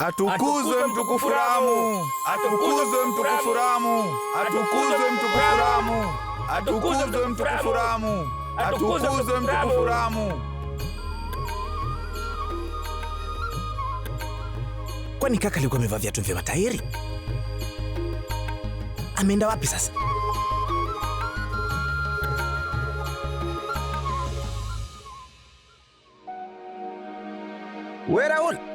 Atukuzwe mtukufu Ramu, atukuzwe mtukufu Ramu, atukuzwe mtukufu Ramu, atukuzwe mtukufu Ramu, atukuzwe mtukufu Ramu. Kwani kaka alikuwa amevaa viatu vya matairi? Ameenda wapi sasa? Wera Raul.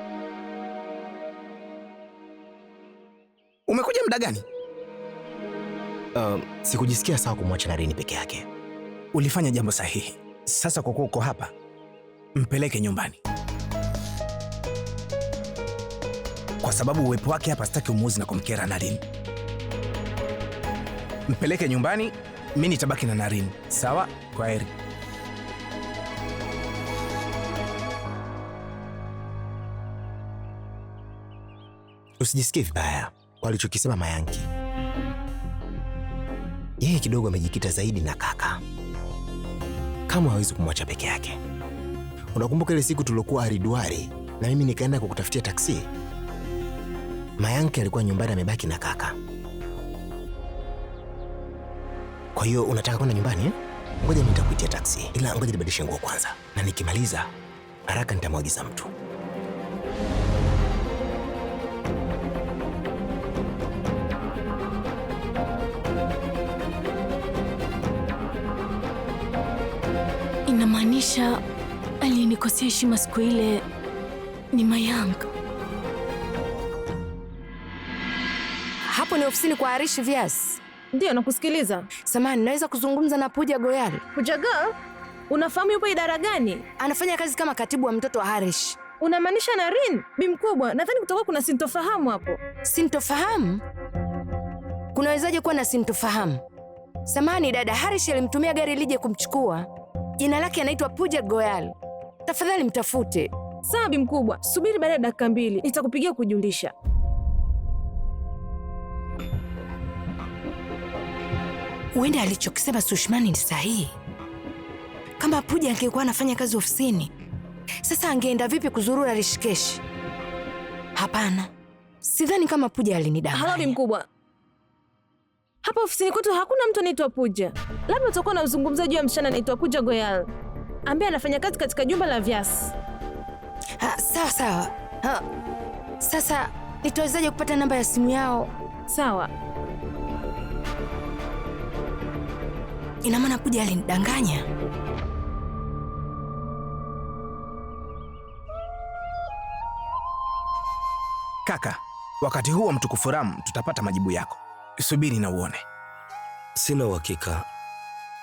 muda gani? Um, sikujisikia sawa kumwacha Naren peke yake. Ulifanya jambo sahihi. Sasa kwa kuwa uko hapa, mpeleke nyumbani, kwa sababu uwepo wake hapa sitaki umuuzi na kumkera narin Mpeleke nyumbani, mimi nitabaki na narin Sawa? Kwa heri. Usijisikie vibaya walichokisema Mayanki. Yeye kidogo amejikita zaidi na kaka, kama hawezi kumwacha peke yake. Unakumbuka ile siku tuliokuwa Haridwari na mimi nikaenda kukutafutia taksi? Mayanki alikuwa nyumbani amebaki na kaka. Kwa hiyo unataka kwenda nyumbani? Eh? Ngoja nitakuitia taksi, ila ngoja nibadilishe nguo kwanza, na nikimaliza haraka nitamwagiza mtu Kumaanisha aliyenikosea heshima siku ile ni Mayank. Hapo ni ofisini kwa arish Vyas. Ndio, nakusikiliza. Samani, naweza kuzungumza na Puja Goyal? Puja Goyal? Unafahamu yupo idara gani? Anafanya kazi kama katibu wa mtoto wa Harish. Unamaanisha Naren? Bi mkubwa, nadhani kutakuwa kuna sintofahamu hapo. Sintofahamu? Kunawezaje kuwa na sintofahamu? samani dada, Harish alimtumia gari lije kumchukua. Jina lake anaitwa puja Goyal. Tafadhali mtafute. Sawa bi mkubwa, subiri baada ya dakika mbili nitakupigia kujulisha. Huenda alichokisema Sushmani ni sahihi. Kama puja angekuwa anafanya kazi ofisini, sasa angeenda vipi kuzurura Rishikeshi? Hapana, sidhani kama puja alinidanganya. Halo bi mkubwa, hapa ofisini kwetu hakuna mtu anaitwa Puja. Labda utakuwa na uzungumzaji ya msichana anaitwa Puja Goyal ambaye anafanya kazi katika jumba la Vyas. Ah, sawa sawa. Sasa nitawezaje kupata namba ya simu yao? Sawa. Ina maana Puja alinidanganya. Kaka, wakati huo mtukufu Ram tutapata majibu yako subiri na uone. Sina uhakika,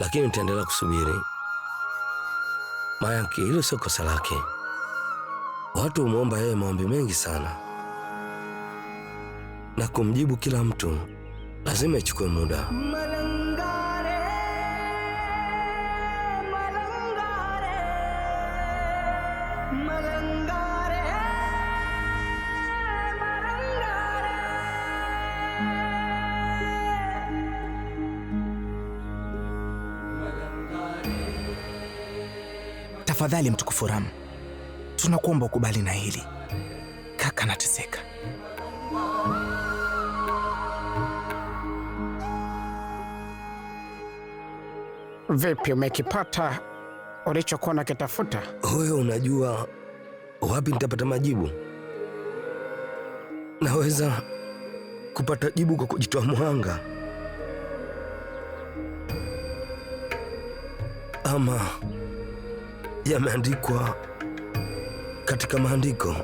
lakini nitaendelea kusubiri, Mayanki, hilo sio kosa lake. Watu humwomba yeye maombi mengi sana, na kumjibu kila mtu lazima ichukue muda. Malangare, malangare, malangare. Tafadhali mtukufu Ram, tunakuomba ukubali na hili. Kaka anateseka. Vipi, umekipata ulichokuwa nakitafuta? Wewe unajua wapi nitapata majibu? Naweza kupata jibu kwa kujitoa mhanga ama yameandikwa katika maandiko.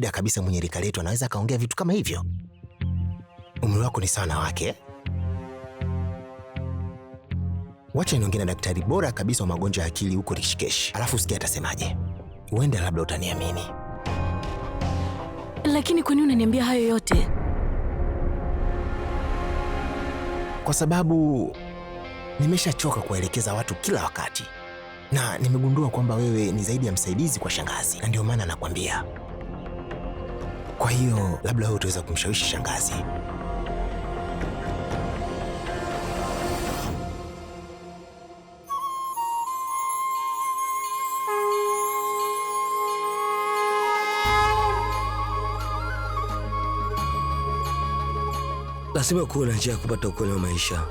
kawaida kabisa mwenye rika letu anaweza akaongea vitu kama hivyo. Umri wako ni sana wake. Wacha niongee na daktari bora kabisa wa magonjwa ya akili huko Rishikesh, alafu sikia atasemaje. Huenda labda utaniamini. Lakini kwa nini unaniambia hayo yote? Kwa sababu nimeshachoka kuwaelekeza watu kila wakati, na nimegundua kwamba wewe ni zaidi ya msaidizi kwa shangazi, na ndio maana nakwambia kwa hiyo labda wewe utaweza kumshawishi shangazi. Lazima kuwe na njia ya kupata ukweli wa maisha.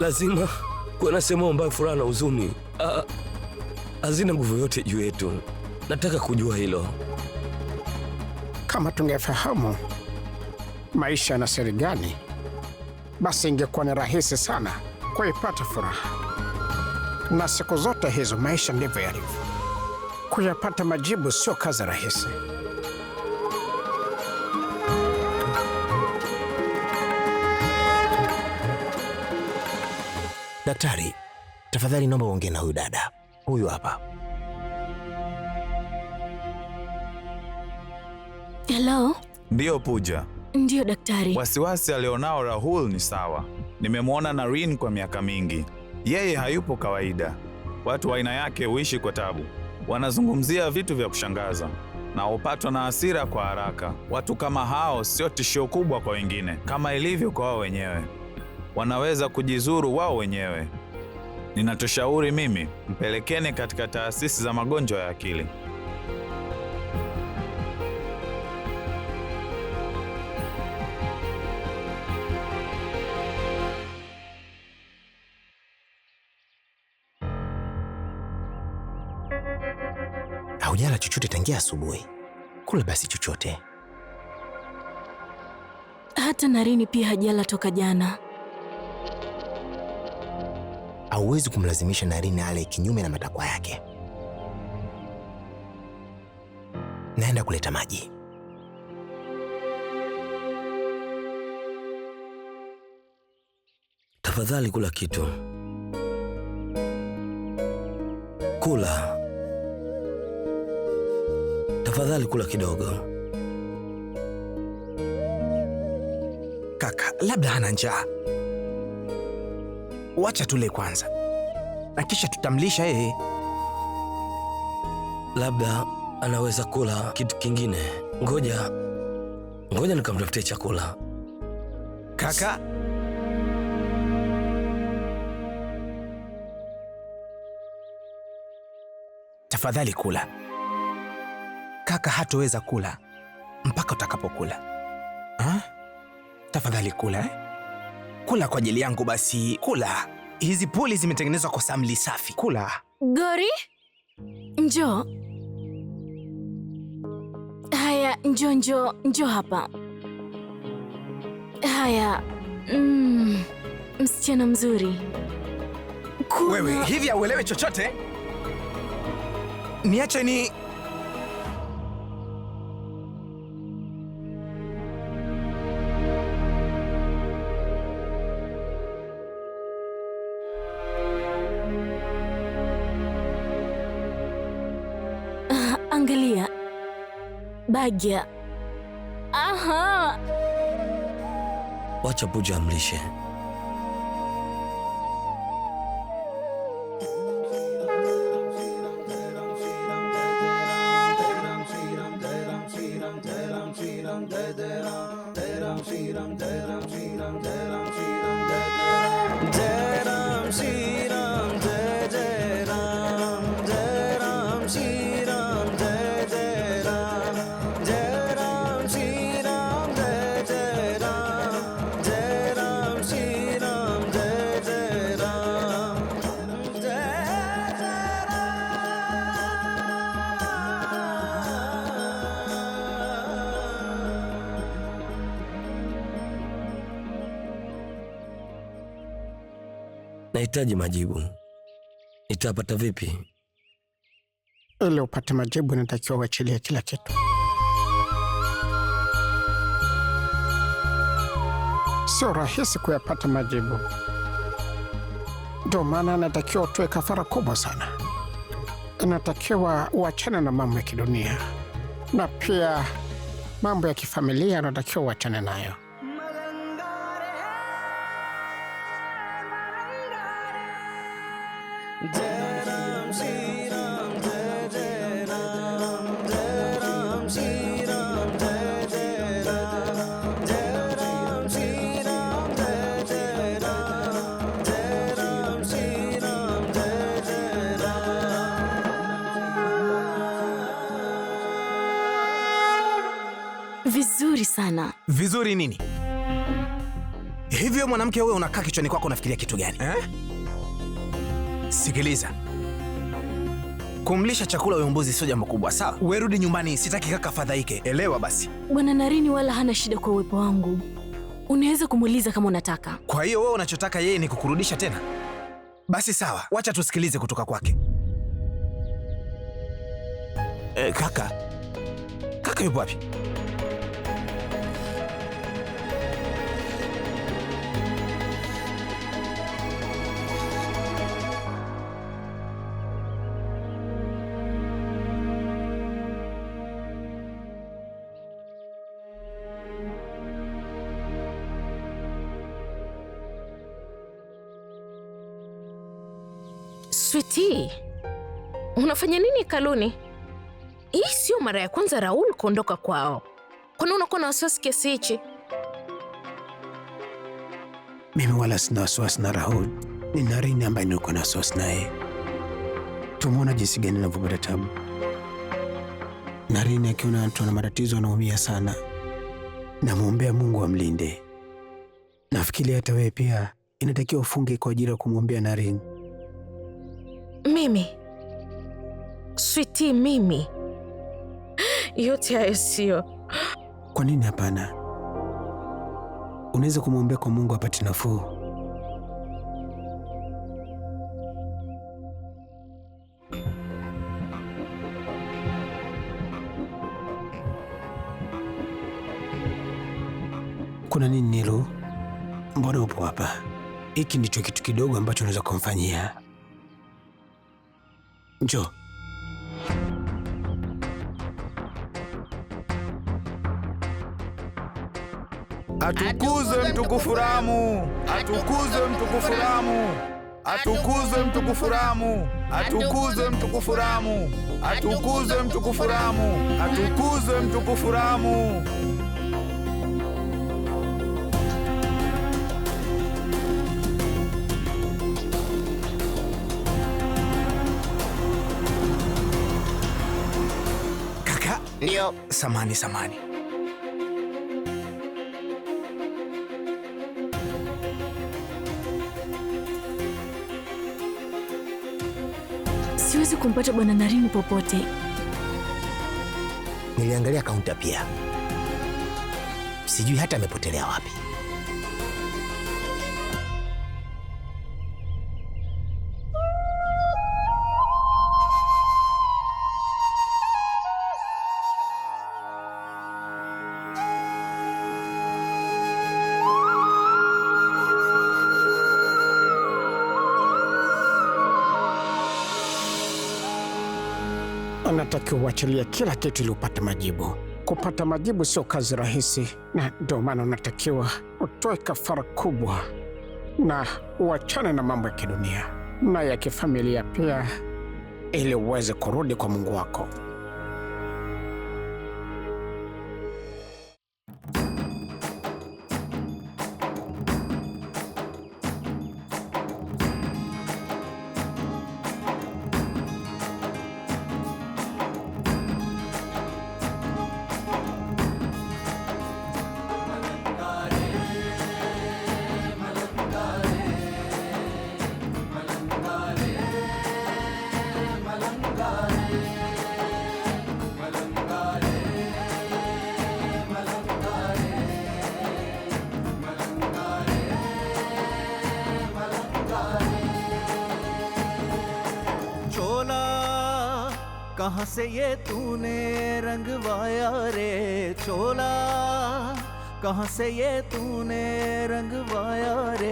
Lazima kuwe na sehemu ambayo furaha na huzuni ah, ah, hazina nguvu yote juu yetu. Nataka kujua hilo. Kama tungefahamu maisha yana siri gani, basi ingekuwa ni rahisi sana kuipata furaha. Na siku zote hizo maisha ndivyo yalivyo, kuyapata majibu sio kazi rahisi. Daktari, tafadhali naomba uongee na huyu dada huyu hapa. Hello? Ndiyo Pooja. Ndiyo daktari. Wasiwasi alionao Rahul ni sawa. Nimemwona Naren kwa miaka mingi. Yeye hayupo kawaida. Watu wa aina yake huishi kwa tabu, wanazungumzia vitu vya kushangaza na hupatwa na hasira kwa haraka. Watu kama hao sio tishio kubwa kwa wengine kama ilivyo kwa wao wenyewe, wanaweza kujizuru wao wenyewe. ninatoshauri mimi, mpelekeni katika taasisi za magonjwa ya akili. Haujala chochote tangia asubuhi, kula basi chochote. Hata Narini pia hajala toka jana. Hauwezi kumlazimisha Narini ale kinyume na matakwa yake. Naenda kuleta maji. Tafadhali kula kitu, kula Tafadhali kula kidogo kaka, labda hana njaa. Wacha tule kwanza na kisha tutamlisha yeye. Labda anaweza kula kitu kingine. Ngoja ngoja nikamtafutie chakula. Kaka, tafadhali kula paka hatoweza kula mpaka utakapokula. Ha? Tafadhali kula eh? Kula kwa ajili yangu basi, kula. Hizi puli zimetengenezwa kwa samli safi, kula. Gori, njoo. Haya, njo njo njo hapa. Haya. Mm, msichana mzuri. Kula. Wewe hivi hauelewi chochote? Niache ni ભાગ્ય આહા પાછા પૂજા છે Nahitaji majibu. Nitapata vipi? Ili upate majibu, inatakiwa uachilie kila kitu. Sio rahisi kuyapata majibu, ndio maana natakiwa utoe kafara kubwa sana. Inatakiwa uachane na mambo ya kidunia, na pia mambo ya kifamilia anatakiwa uachane nayo. sana. Vizuri nini? Hivyo mwanamke, wewe unakaa kichwani kwako unafikiria kitu gani eh? Sikiliza, kumlisha chakula huyo mbuzi sio jambo kubwa, sawa? werudi rudi nyumbani, sitaki kaka fadhaike, elewa basi. Bwana Narini wala hana shida kwa uwepo wangu, unaweza kumuuliza kama unataka. Kwa hiyo wewe unachotaka yeye ni kukurudisha tena? Basi sawa, wacha tusikilize kutoka kwake. E, kaka kaka yupo wapi? Ati, unafanya nini kaluni Hii sio mara ya kwanza Raul kuondoka kwao. Kwani unakuwa na wasiwasi kiasi hichi? Mimi wala sina wasiwasi na Raul, Ni Naren ambaye niko na wasiwasi naye. Tumeona jinsi gani anavyopata tabu. Naren akiona mtu ana matatizo anaumia sana. Namwombea Mungu amlinde. Nafikiri hata wewe pia inatakiwa ufunge kwa ajili ya kumwombea Narini mimi switi, mimi yote hayo sio. Kwa nini? Hapana, unaweza kumwombea kwa Mungu apate nafuu. Kuna nini Nilu? Mbona upo hapa? Hiki ndicho kitu kidogo ambacho unaweza kumfanyia. Yo. Atukuzwe mtukufu Ramu, atukuzem mtukufu Ramu, atukuzwe mtukufu Ramu, atukuzwe mtukufu Ramu, atukuzwe mtukufu Ramu, atukuzwe mtukufu Ramu. Ndio. Samani, samani. Siwezi kumpata Bwana Narini popote. Niliangalia kaunta pia. Sijui hata amepotelea wapi. unatakiwa uachilie kila kitu ili upate majibu. Kupata majibu sio kazi rahisi, na ndio maana unatakiwa utoe kafara kubwa na uachane na mambo ya kidunia na ya kifamilia pia, ili uweze kurudi kwa Mungu wako. से ये तूने रंगवाया रे चोला कहाँ से ये तूने रंगवाया रे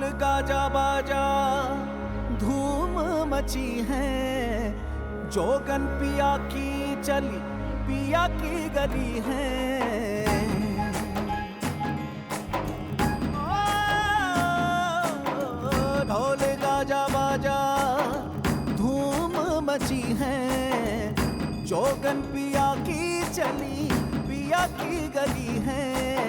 ढोल गाजा बाजा धूम मची है जोगन पिया की चली पिया की गली है ढोल गाजा बाजा धूम मची है जोगन पिया की चली पिया की गली है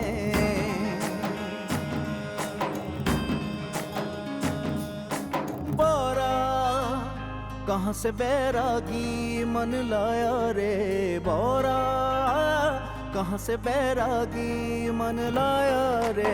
कहाँ से बैरागी मन लाया रे बौरा कहाँ से बैरागी मन लाया रे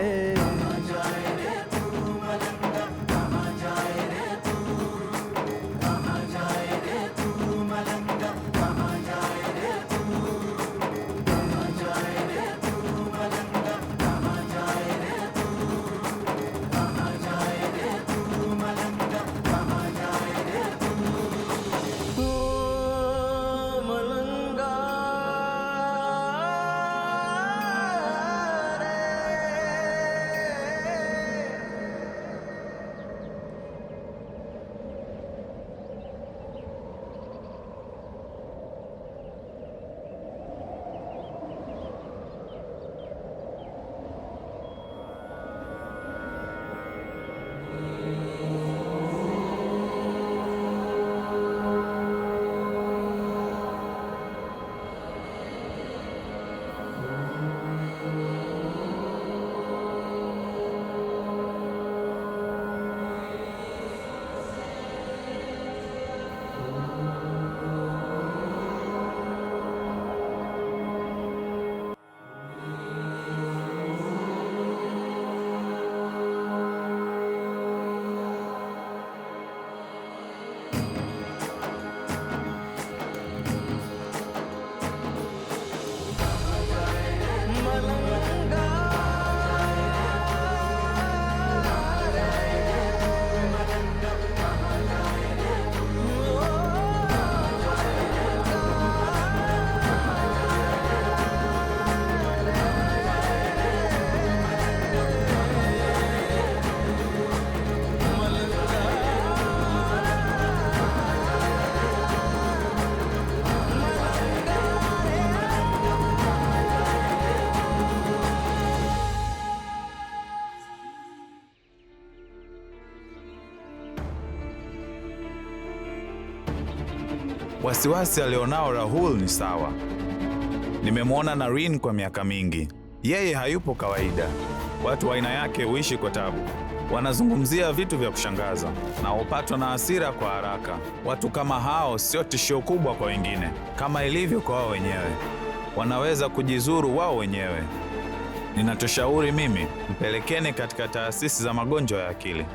Wasiwasi alionao Rahul ni sawa. Nimemwona Naren kwa miaka mingi, yeye hayupo kawaida. Watu wa aina yake huishi kwa tabu, wanazungumzia vitu vya kushangaza na hupatwa na hasira kwa haraka. Watu kama hao sio tishio kubwa kwa wengine kama ilivyo kwa wao wenyewe, wanaweza kujizuru wao wenyewe. Ninachoshauri mimi, mpelekeni katika taasisi za magonjwa ya akili.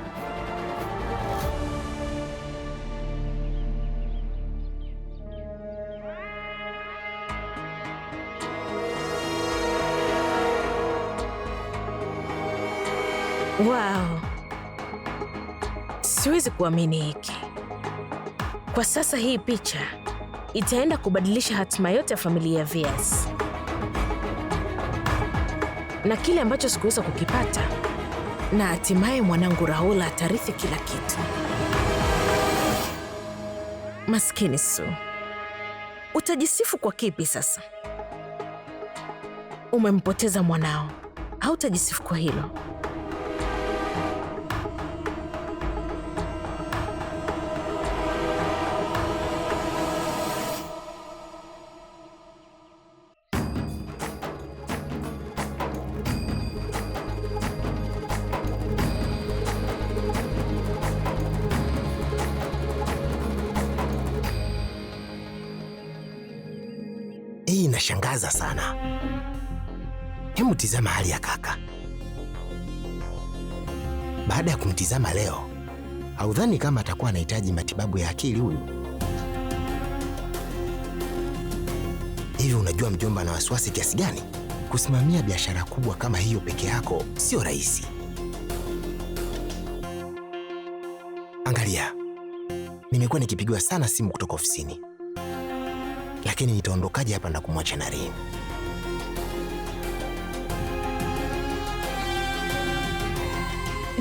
Wow, siwezi kuamini hiki. Kwa sasa hii picha itaenda kubadilisha hatima yote ya familia ya VS. na kile ambacho sikuweza kukipata, na hatimaye mwanangu raula atarithi kila kitu. Maskini Su, utajisifu kwa kipi sasa? Umempoteza mwanao, hautajisifu kwa hilo. inashangaza sana. Hebu tizama hali ya kaka. Baada ya kumtizama leo, haudhani kama atakuwa anahitaji matibabu ya akili huyu? Hivi unajua mjomba na wasiwasi kiasi gani? Kusimamia biashara kubwa kama hiyo peke yako sio rahisi. Angalia, nimekuwa nikipigiwa sana simu kutoka ofisini lakini nitaondokaje hapa na kumwacha Naren?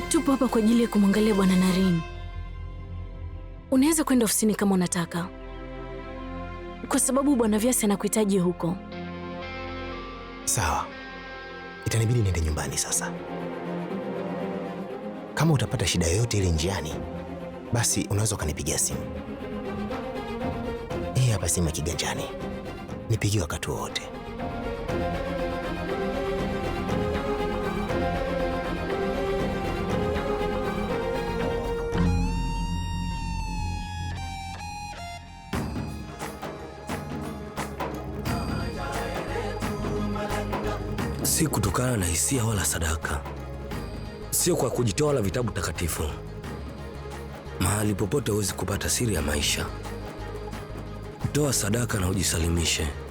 Tupo hapa kwa ajili ya kumwangalia bwana Naren. Unaweza kwenda ofisini kama unataka, kwa sababu bwana Vyasi anakuhitaji huko. Sawa, itanibidi niende nyumbani sasa. Kama utapata shida yoyote ile njiani, basi unaweza ukanipigia simu hapa simu ya kiganjani, nipigie wakati wowote. Si kutokana na hisia wala sadaka, sio kwa kujitoa wala vitabu takatifu. Mahali popote huwezi kupata siri ya maisha toa sadaka na ujisalimishe.